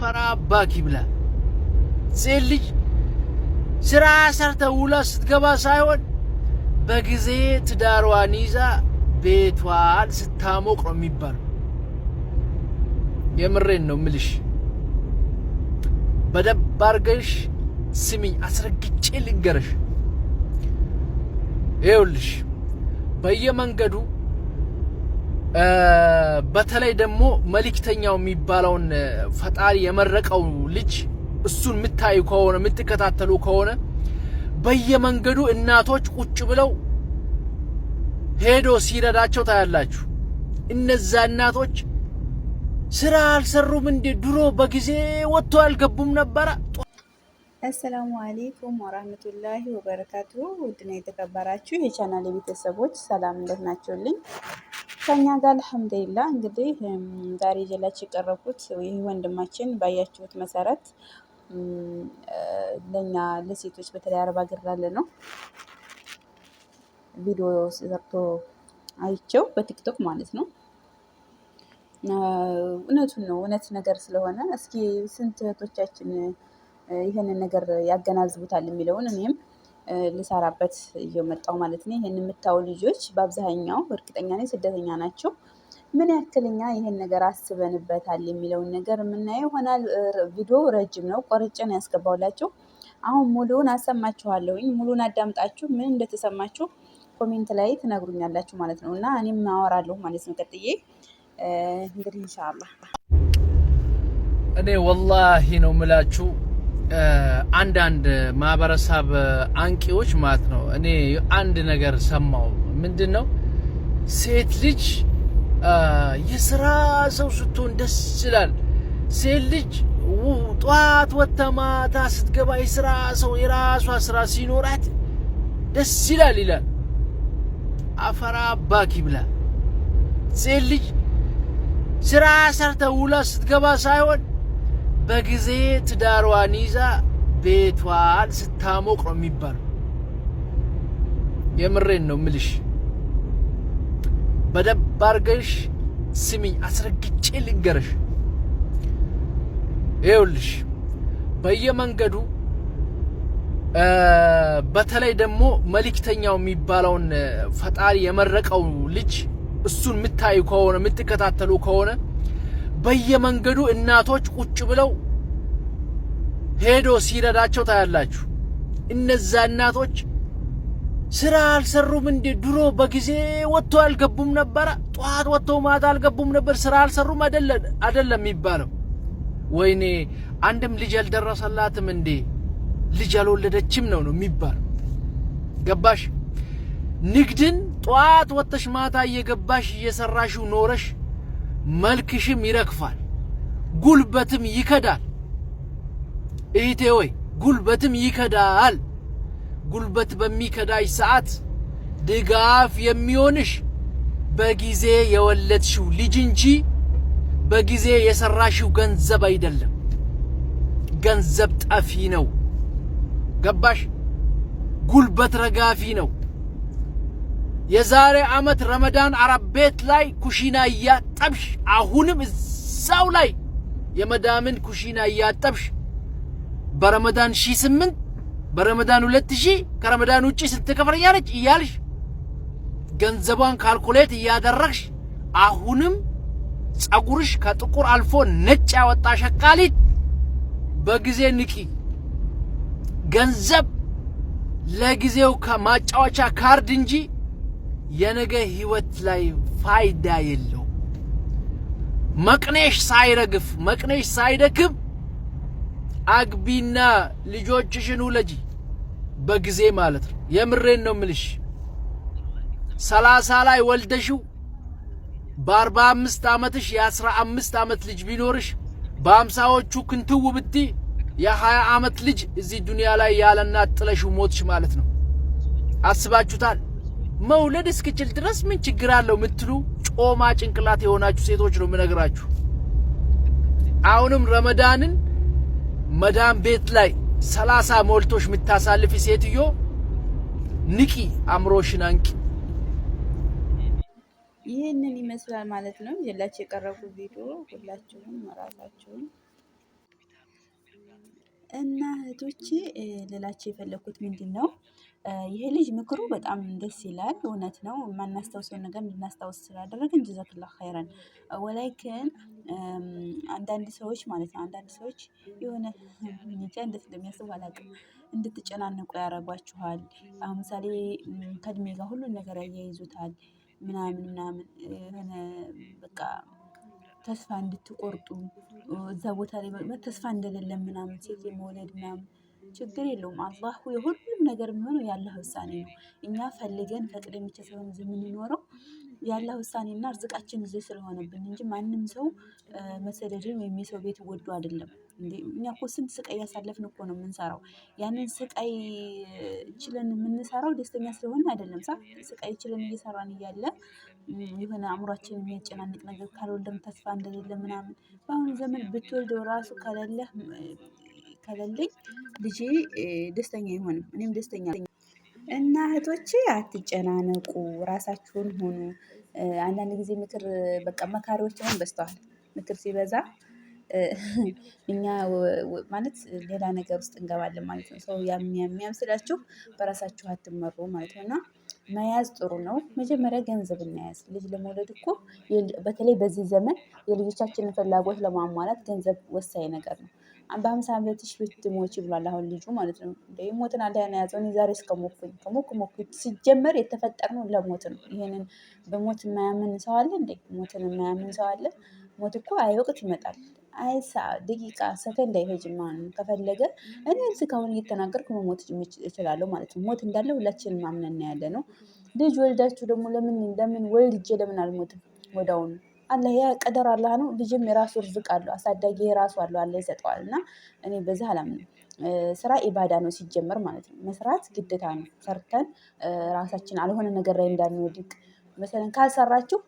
ፈራ አባኪ ብላ ሴት ልጅ ስራ ሰርተ ውላ ስትገባ ሳይሆን በጊዜ ትዳሯን ይዛ ቤቷን ስታሞቅ ነው የሚባለው። የምሬን ነው ምልሽ። በደንብ አርገሽ ስሚኝ፣ አስረግጬ ልንገረሽ። ይኸውልሽ በየመንገዱ በተለይ ደግሞ መልእክተኛው የሚባለውን ፈጣሪ የመረቀው ልጅ እሱን የምታዩ ከሆነ የምትከታተሉ ከሆነ በየመንገዱ እናቶች ቁጭ ብለው ሄዶ ሲረዳቸው ታያላችሁ። እነዛ እናቶች ስራ አልሰሩም እንዴ? ድሮ በጊዜ ወጥቶ አልገቡም ነበረ። አሰላሙ አሌይኩም ወራህመቱላሂ ወበረካቱ። ውድና የተከበራችሁ የቻናል ቤተሰቦች ሰላም እንደት ናቸውልኝ? ከኛ ጋር አልሐምዱሊላ እንግዲህ ዛሬ ጀላች የቀረብኩት ይህ ወንድማችን ባያችሁት መሰረት ለእኛ ለሴቶች በተለይ አረብ አገር ላለ ነው ቪዲዮ ሰርቶ አይቸው በቲክቶክ ማለት ነው። እውነቱን ነው እውነት ነገር ስለሆነ እስኪ ስንት እህቶቻችን ይህንን ነገር ያገናዝቡታል የሚለውን እኔም ልሰራበት እየመጣው ማለት ነው። ይህን የምታዩ ልጆች በአብዛኛው እርግጠኛ ነኝ ስደተኛ ናቸው። ምን ያክልኛ ይህን ነገር አስበንበታል የሚለውን ነገር የምናየው ይሆናል። ቪዲዮ ረጅም ነው፣ ቆርጬ ነው አሁን ሙሉውን አሰማችኋለሁኝ። ሙሉን አዳምጣችሁ ምን እንደተሰማችሁ ኮሜንት ላይ ትነግሩኛላችሁ ማለት ነው እና እኔም አወራለሁ ማለት ነው። ቀጥዬ እንግዲህ እንሻላ እኔ ወላሂ ነው ምላችሁ አንዳንድ ማህበረሰብ አንቂዎች ማለት ነው። እኔ አንድ ነገር ሰማው። ምንድን ነው ሴት ልጅ የስራ ሰው ስትሆን ደስ ይላል። ሴት ልጅ ጠዋት ወጥታ ማታ ስትገባ የስራ ሰው የራሷ ስራ ሲኖራት ደስ ይላል ይላል። አፈራ አባኪ ብላ ሴት ልጅ ስራ ሰርተ ውላ ስትገባ ሳይሆን በጊዜ ትዳሯን ይዛ ቤቷን ስታሞቅ ነው የሚባለው። የምሬን ነው ምልሽ። በደንብ አድርገሽ ስሚኝ፣ አስረግጬ ልንገረሽ። ይኸውልሽ በየመንገዱ በተለይ ደግሞ መልእክተኛው የሚባለውን ፈጣሪ የመረቀው ልጅ እሱን የምታዩ ከሆነ የምትከታተሉ ከሆነ በየመንገዱ እናቶች ቁጭ ብለው ሄዶ ሲረዳቸው ታያላችሁ። እነዛ እናቶች ስራ አልሰሩም እንዴ? ድሮ በጊዜ ወጥቶ አልገቡም ነበረ። ጠዋት ወጥቶ ማታ አልገቡም ነበር። ስራ አልሰሩም አይደለም የሚባለው። ወይኔ አንድም ልጅ አልደረሰላትም እንዴ? ልጅ አልወለደችም ነው ነው የሚባለው። ገባሽ? ንግድን ጠዋት ወጥተሽ ማታ እየገባሽ እየሰራሽው ኖረሽ መልክሽም ይረግፋል፣ ጉልበትም ይከዳል። እህቴ ወይ ጉልበትም ይከዳል። ጉልበት በሚከዳሽ ሰዓት ድጋፍ የሚሆንሽ በጊዜ የወለድሽው ልጅ እንጂ በጊዜ የሰራሽው ገንዘብ አይደለም። ገንዘብ ጠፊ ነው። ገባሽ? ጉልበት ረጋፊ ነው። የዛሬ ዓመት ረመዳን አረብ ቤት ላይ ኩሽና እያጠብሽ አሁንም እዛው ላይ የመዳምን ኩሽና እያጠብሽ በረመዳን ሺ ስምንት በረመዳን ሁለት ከረመዳን ውጪ ስንት ከፍረኛ ነች እያልሽ ገንዘቧን ካልኩሌት እያደረግሽ አሁንም ጸጉርሽ ከጥቁር አልፎ ነጭ ያወጣ ሸቃሊት በጊዜ ንቂ። ገንዘብ ለጊዜው ከማጫወቻ ካርድ እንጂ የነገ ህይወት ላይ ፋይዳ የለውም። መቅኔሽ ሳይረግፍ መቅኔሽ ሳይደክም አግቢና ልጆችሽን ውለጂ በጊዜ ማለት ነው። የምሬን ነው ምልሽ። ሰላሳ ላይ ወልደሽው በአርባ አምስት ዓመትሽ የአስራ አምስት ዓመት ልጅ ቢኖርሽ በአምሳዎቹ ክንትው ብቲ የሀያ ዓመት ልጅ እዚህ ዱንያ ላይ ያለና ጥለሽው ሞትሽ ማለት ነው። አስባችሁታል? መውለድ እስክችል ድረስ ምን ችግር አለው የምትሉ ጮማ ጭንቅላት የሆናችሁ ሴቶች ነው የምነግራችሁ። አሁንም ረመዳንን መዳን ቤት ላይ ሰላሳ ሞልቶች የምታሳልፊ ሴትዮ ንቂ፣ አእምሮሽን አንቂ። ይህንን ይመስላል ማለት ነው የላችሁ የቀረቡ ቪዲዮ ሁላችሁም ራሳችሁን እና እህቶቼ ሌላቸው የፈለኩት ምንድን ነው ይሄ ልጅ ምክሩ በጣም ደስ ይላል። እውነት ነው። የማናስታውሰውን ነገር እንድናስታውስ ስላደረግ ጀዛክላህ ኸይረን። ወላይክን አንዳንድ ሰዎች ማለት ነው አንዳንድ ሰዎች የሆነ እንጃ እንዴት እንደሚያስቡ አላውቅም፣ እንድትጨናነቁ ያደርጓችኋል። አሁን ምሳሌ ከእድሜ ጋር ሁሉን ነገር ያያይዙታል ምናምን ምናምን የሆነ በቃ ተስፋ እንድትቆርጡ እዛ ቦታ ላይ ተስፋ እንደሌለ ምናምን ሴት የመውለድ ምናምን ችግር የለውም። አላህ የሁሉም ነገር የሚሆነው የአላህ ውሳኔ ነው። እኛ ፈልገን ፈቅደን ብቻ ስለሆነ የምንኖረው የአላህ ውሳኔና እርዝቃችን እዚህ ስለሆነብን እንጂ ማንም ሰው መሰደድን ወይም የሰው ቤት ወዶ አይደለም። እኛ እኮ ስንት ስቃይ እያሳለፍን እኮ ነው የምንሰራው። ያንን ስቃይ ችለን የምንሰራው ደስተኛ ስለሆነ አይደለም። ሳ ስቃይ ችለን እየሰራን እያለ የሆነ አእምሯችን የሚያጨናንቅ ነገር ካልወልደም ተስፋ እንደሌለ ምናምን በአሁኑ ዘመን ብትወልደው ራሱ ከሌለህ ከሌለኝ ልጄ ደስተኛ አይሆንም፣ እኔም ደስተኛ እና እህቶቼ አትጨናነቁ፣ ራሳችሁን ሆኑ አንዳንድ ጊዜ ምክር በቃ መካሪዎች አሁን በዝተዋል። ምክር ሲበዛ እኛ ማለት ሌላ ነገር ውስጥ እንገባለን ማለት ነው። ሰው ያሚያሚያም ስላችሁ በራሳችሁ አትመሩ ማለት ነው። እና መያዝ ጥሩ ነው። መጀመሪያ ገንዘብ እናያዝ። ልጅ ለመውለድ እኮ በተለይ በዚህ ዘመን የልጆቻችንን ፍላጎት ለማሟላት ገንዘብ ወሳኝ ነገር ነው። በሀምሳ ዓመትሽ ብትሞች ብሏል። አሁን ልጁ ማለት ነው ሞትን አለ ና ያዘውን የዛሬ እስከ ከሞኩ ሞኩ ሲጀመር የተፈጠርነው ለሞት ነው። ይህንን በሞት የማያምን ሰው አለ እንዴ? ሞትን የማያምን ሰው አለ? ሞት እኮ አይ ወቅት ይመጣል አይ ሳ ደቂቃ ሰከንድ አይፈጅም። አሁን ከፈለገ እኔ እስካሁን እየተናገርኩ መሞት እችላለሁ ማለት ነው። ሞት እንዳለ ሁላችንም አምነን ያለ ነው። ልጅ ወልዳችሁ ደግሞ ለምን ለምን ወልጄ ለምን አልሞትም ወዳውኑ አለ ያ ቀደር አላህ ነው። ልጅም የራሱ ርዝቅ አለው፣ አሳዳጊ የራሱ አለው አለ ይሰጠዋል። እና እኔ በዛ አላምን። ስራ ኢባዳ ነው ሲጀመር ማለት ነው። መስራት ግዴታ ነው። ሰርተን ራሳችን አልሆነ ነገር ላይ እንዳንወድቅ መሰለን ካልሰራችሁ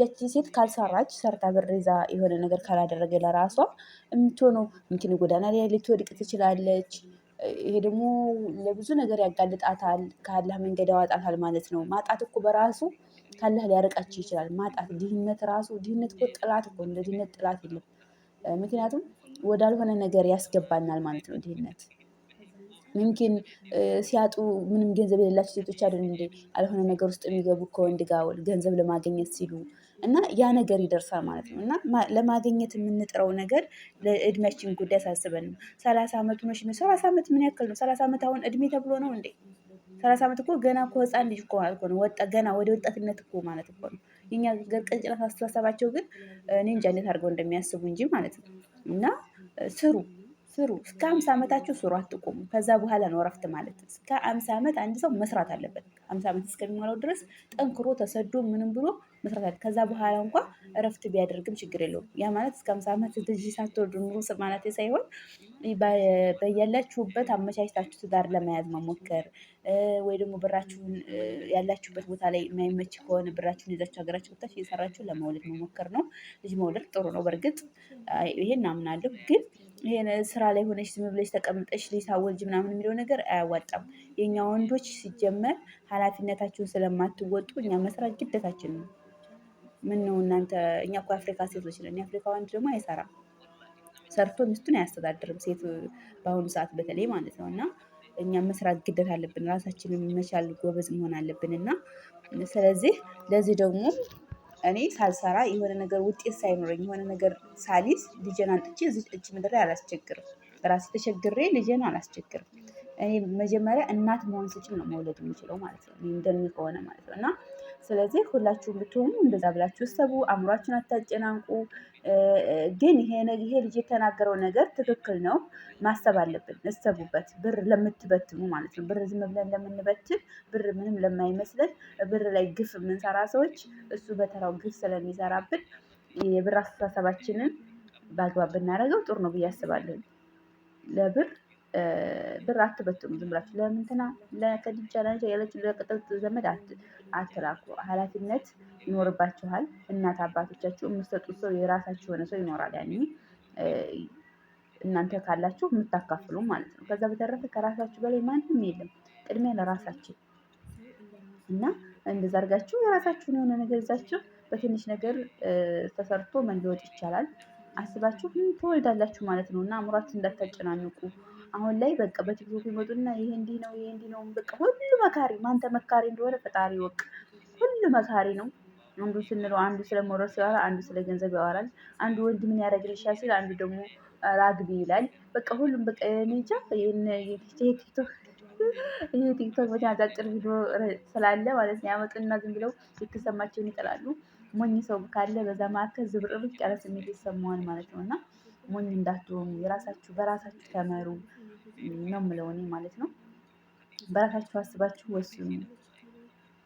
ያቺ ሴት ካልሰራች ሰርታ ብር ይዛ የሆነ ነገር ካላደረገ ለራሷ የምትሆነው ምትን ጎዳና ላይ ልትወድቅ ትችላለች። ይሄ ደግሞ ለብዙ ነገር ያጋልጣታል። ከአላህ መንገድ ያዋጣታል ማለት ነው። ማጣት እኮ በራሱ ካላህ ሊያርቃቸው ይችላል። ማጣት ድህነት ራሱ ድህነት እኮ ጥላት እኮ እንደ ድህነት ጥላት የለም። ምክንያቱም ወዳልሆነ ነገር ያስገባናል ማለት ነው ድህነት ምምኪን ሲያጡ ምንም ገንዘብ የሌላቸው ሴቶች አይደል እንዴ አልሆነ ነገር ውስጥ የሚገቡ ከወንድ ጋር ገንዘብ ለማግኘት ሲሉ እና ያ ነገር ይደርሳል ማለት ነው። እና ለማግኘት የምንጥረው ነገር ለእድሜያችን ጉዳይ ሳስበን ነው። ሰላሳ አመት ነው ሰላሳ አመት ምን ያክል ነው? ሰላሳ አመት አሁን እድሜ ተብሎ ነው እንዴ? ሰላሳ አመት እኮ ገና እኮ ህፃን ልጅ እኮ ማለት ነው። ወጣ ገና ወደ ወጣትነት እኮ ማለት እኮ ነው። የኛ ቅንጭላት አስተሳሰባቸው ግን እኔ እንጃ እንዴት አድርገው እንደሚያስቡ እንጂ ማለት ነው። እና ስሩ ስሩ እስከ አምሳ ዓመታችሁ ስሩ፣ አትቆሙ። ከዛ በኋላ ነው እረፍት ማለት። እስከ አምሳ ዓመት አንድ ሰው መስራት አለበት። አምሳ ዓመት እስከሚሞላው ድረስ ጠንክሮ ተሰዶ ምንም ብሎ መስራት ከዛ በኋላ እንኳ እረፍት ቢያደርግም ችግር የለውም። ያ ማለት እስከ አምሳ ዓመት ልጅ ሳትወልዱ ኑሩ ማለት ሳይሆን በያላችሁበት አመቻችታችሁ ትዳር ለመያዝ መሞከር ወይ ደግሞ ብራችሁን ያላችሁበት ቦታ ላይ የማይመች ከሆነ ብራችሁን ይዛችሁ ሀገራችሁ ወጥታችሁ እየሰራችሁ ለመውለድ መሞከር ነው። ልጅ መውለድ ጥሩ ነው። በእርግጥ ይሄን አምናለሁ ግን ይሄን ስራ ላይ ሆነሽ ዝም ብለሽ ተቀምጠሽ ልጅ ምናምን የሚለው ነገር አያዋጣም። የእኛ ወንዶች ሲጀመር ኃላፊነታችሁን ስለማትወጡ እኛ መስራት ግዴታችን ነው። ምን ነው እናንተ፣ እኛ እኮ አፍሪካ ሴቶች ነን። የአፍሪካ ወንድ ደግሞ አይሰራም፣ ሰርቶ ሚስቱን አያስተዳድርም። ሴት በአሁኑ ሰዓት በተለይ ማለት ነው እና እኛ መስራት ግደት አለብን፣ ራሳችንን መቻል ጎበዝ መሆን አለብን። እና ስለዚህ ለዚህ ደግሞ እኔ ሳልሰራ የሆነ ነገር ውጤት ሳይኖረኝ የሆነ ነገር ሳሊስ ልጄን አንጥቼ እዚህ እጅ ምድር ላይ አላስቸግርም። ራሴ ተቸግሬ ልጄን አላስቸግርም። እኔ መጀመሪያ እናት መሆን ስችል ነው መውለድ የምችለው ማለት ነው፣ እንደሚ ከሆነ ማለት ነው እና ስለዚህ ሁላችሁም ብትሆኑ እንደዛ ብላችሁ ሰቡ፣ አእምሯችን አታጨናንቁ። ግን ይሄ ይሄ ልጅ የተናገረው ነገር ትክክል ነው፣ ማሰብ አለብን። እሰቡበት፣ ብር ለምትበትኑ ማለት ነው። ብር ዝም ብለን ለምንበትን፣ ብር ምንም ለማይመስለን፣ ብር ላይ ግፍ የምንሰራ ሰዎች እሱ በተራው ግፍ ስለሚሰራብን የብር አስተሳሰባችንን በአግባብ ብናደርገው ጥሩ ነው ብዬ አስባለሁ ለብር ብር አትበትኑ። ዝም ብላችሁ ለምንትና ለከድጃ ላንጃ ያለች ለቅጥር ዘመድ አትላኩ። ኃላፊነት ይኖርባችኋል። እናት አባቶቻችሁ የምትሰጡት ሰው የራሳችሁ የሆነ ሰው ይኖራል። ያኔ እናንተ ካላችሁ የምታካፍሉ ማለት ነው። ከዛ በተረፈ ከራሳችሁ በላይ ማንም የለም። ቅድሚያ ለራሳችሁ እና እንደዛ አድርጋችሁ የራሳችሁን የሆነ ነገር ይዛችሁ በትንሽ ነገር ተሰርቶ መለወጥ ይቻላል። አስባችሁ ትወልዳላችሁ ማለት ነው እና አእምሯችሁ እንዳታጨናንቁ። አሁን ላይ በቃ በቲክቶክ ይመጡና ይሄ እንዲህ ነው ይሄ እንዲህ ነው። በቃ ሁሉ መካሪ ማንተ መካሪ እንደሆነ ፈጣሪ ወቅ ሁሉ መካሪ ነው። አንዱ ስንለው አንዱ ስለ ሞረስ ያወራል፣ አንዱ ስለ ገንዘብ ያወራል፣ አንዱ ወንድ ምን ያደርግልሻል ሲል፣ አንዱ ደግሞ ራግቢ ይላል። በቃ ሁሉም በቃ እኔ እንጃ ቲክቶክ ይሄ ቲክቶክ በተያዘ አጫጭር ቪዲዮ ስላለ ማለት ነው ያመጡና ዝም ብለው የተሰማቸውን ይጥላሉ። ሞኝ ሰው ካለ በዛ መካከል ዝብርርቅ ያለ ስሜት ይሰማዋል ማለት ነው። እና ሞኝ እንዳትሆኑ የራሳችሁ በራሳችሁ ተመሩ። ነው የምለው እኔ ማለት ነው። በራሳችሁ አስባችሁ ወስኑ።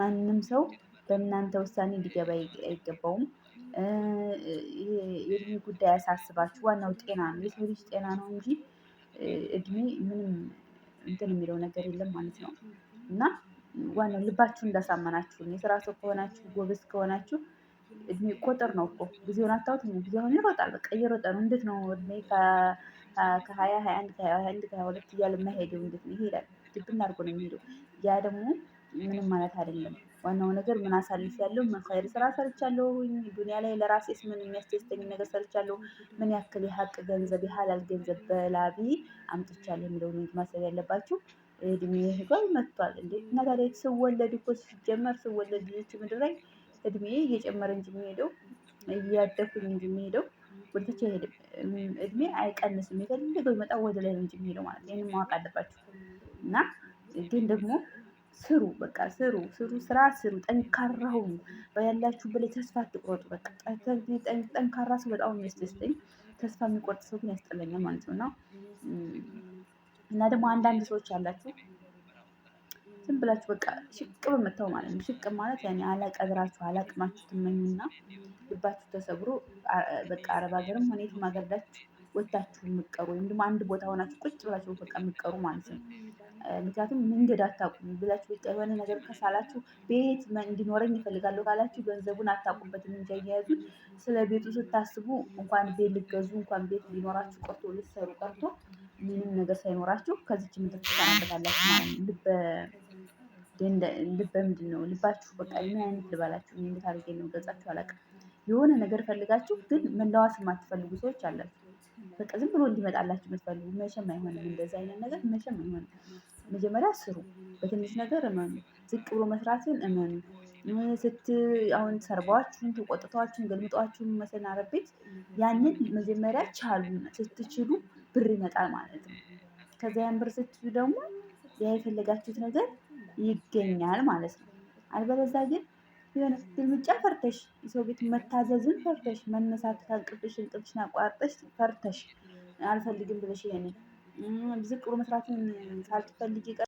ማንም ሰው በእናንተ ውሳኔ ሊገባ አይገባውም። የእድሜ ጉዳይ ያሳስባችሁ፣ ዋናው ጤና ነው። የሰው ልጅ ጤና ነው እንጂ እድሜ ምንም እንትን የሚለው ነገር የለም ማለት ነው እና ዋናው ልባችሁ እንዳሳመናችሁ የስራ ሰው ከሆናችሁ ጎበዝ ከሆናችሁ እድሜ ቁጥር ነው እኮ ጊዜውን አታውትም። ጊዜውን ይሮጣል። በቃ እየሮጠ ነው። እንዴት ነው እድሜ ከሀያ ሀያ አንድ ከሀያ አንድ ከሀያ ሁለት እያለ የማይሄደው እንዴት ነው? ይሄዳል። ድብን አድርጎ ነው የሚሄደው። ያ ደግሞ ምንም ማለት አይደለም። ዋናው ነገር ምን አሳልፍ ያለው ምን ኸይር ስራ ሰርቻለሁ፣ ዱንያ ላይ ለራሴስ ምን የሚያስደስተኝ ነገር ሰርቻለሁ፣ ምን ያክል የሀቅ ገንዘብ የሀላል ገንዘብ በላቢ አምጥቻለሁ የሚለው ነው ማሰብ ያለባችሁ። እድሜ ህጓል መጥቷል እንዴ እና ታዲያ ስወለድ እኮ ሲጀመር ስወለድ ልጅ ምድር ላይ እድሜ እየጨመረ እንጂ የሚሄደው እያደኩኝ እንጂ የሚሄደው ወደታች አይሄድም። እድሜ አይቀንስም። የፈለገው ይመጣ ወደ ላይ ነው እንጂ የሚሄደው ማለት ነው። ይህን ማወቅ አለባችሁ። እና ግን ደግሞ ስሩ፣ በቃ ስሩ፣ ስሩ፣ ስራ ስሩ፣ ጠንካራ ሁኑ። ያላችሁ በላይ ተስፋ አትቆርጡ። በቃ ጠንካራ ሰው በጣም የሚያስደስተኝ ተስፋ የሚቆርጥ ሰው ግን ያስጠላኛል ማለት ነው። እና እና ደግሞ አንዳንድ ሰዎች ያላችሁ ዝም ብላችሁ በቃ ሽቅብ የምታው ማለት ነው። ሽቅብ ማለት ያኔ አላቀ ብራችሁ አላቅማችሁ ትመኙና ልባችሁ ተሰብሮ በቃ አረብ ሀገርም ሆነ የትም ሀገር ሄዳችሁ ወታችሁ የምትቀሩ ወይም ደግሞ አንድ ቦታ ሆናችሁ ቁጭ ብላችሁ በቃ የምትቀሩ ማለት ነው። ምክንያቱም መንገድ አታውቁም ብላችሁ በቃ የሆነ ነገር ከሳላችሁ ቤት እንዲኖረኝ ይፈልጋለሁ ካላችሁ ገንዘቡን አታውቁበትም እንጂ አያያዙን ስለ ቤቱ ስታስቡ እንኳን ቤት ልገዙ እንኳን ቤት ሊኖራችሁ ቀርቶ ልትሰሩ ቀርቶ ምንም ነገር ሳይኖራችሁ ከዚች ምድር ትሰናበታላችሁ ማለት ነው። ልበ ልበ ምንድን ነው ልባችሁ በቃ ምን አይነት ልባላችሁ እንዴት አድርጌ ነው ገጻችሁ አላውቅም። የሆነ ነገር ፈልጋችሁ ግን መለዋስ የማትፈልጉ ሰዎች አላችሁ። በቃ ዝም ብሎ እንዲመጣላችሁ የምትፈልጉ መቼም አይሆንም። እንደዚ አይነት ነገር መቼም አይሆንም። መጀመሪያ ስሩ፣ በትንሽ ነገር እመኑ፣ ዝቅ ብሎ መስራትን እመኑ። ስት አሁን ሰርባችሁን፣ ተቆጥታችሁን፣ ገልምጧችሁን መሰናረ ቤት ያንን መጀመሪያ ቻሉ። ስትችሉ ብር ይመጣል ማለት ነው። ከዚያ ያን ብር ስትችሉ ደግሞ ያ የፈለጋችሁት ነገር ይገኛል ማለት ነው። አልበለዛ ግን የሆነ ስትል ብቻ ፈርተሽ የሰው ቤት መታዘዝን ፈርተሽ መነሳት ከእንቅልፍሽ እንቅልፍሽን አቋርጠሽ ፈርተሽ አልፈልግም ብለሽ ይሄንን ዝቅ ብሎ መስራትን ሳልፈልጊ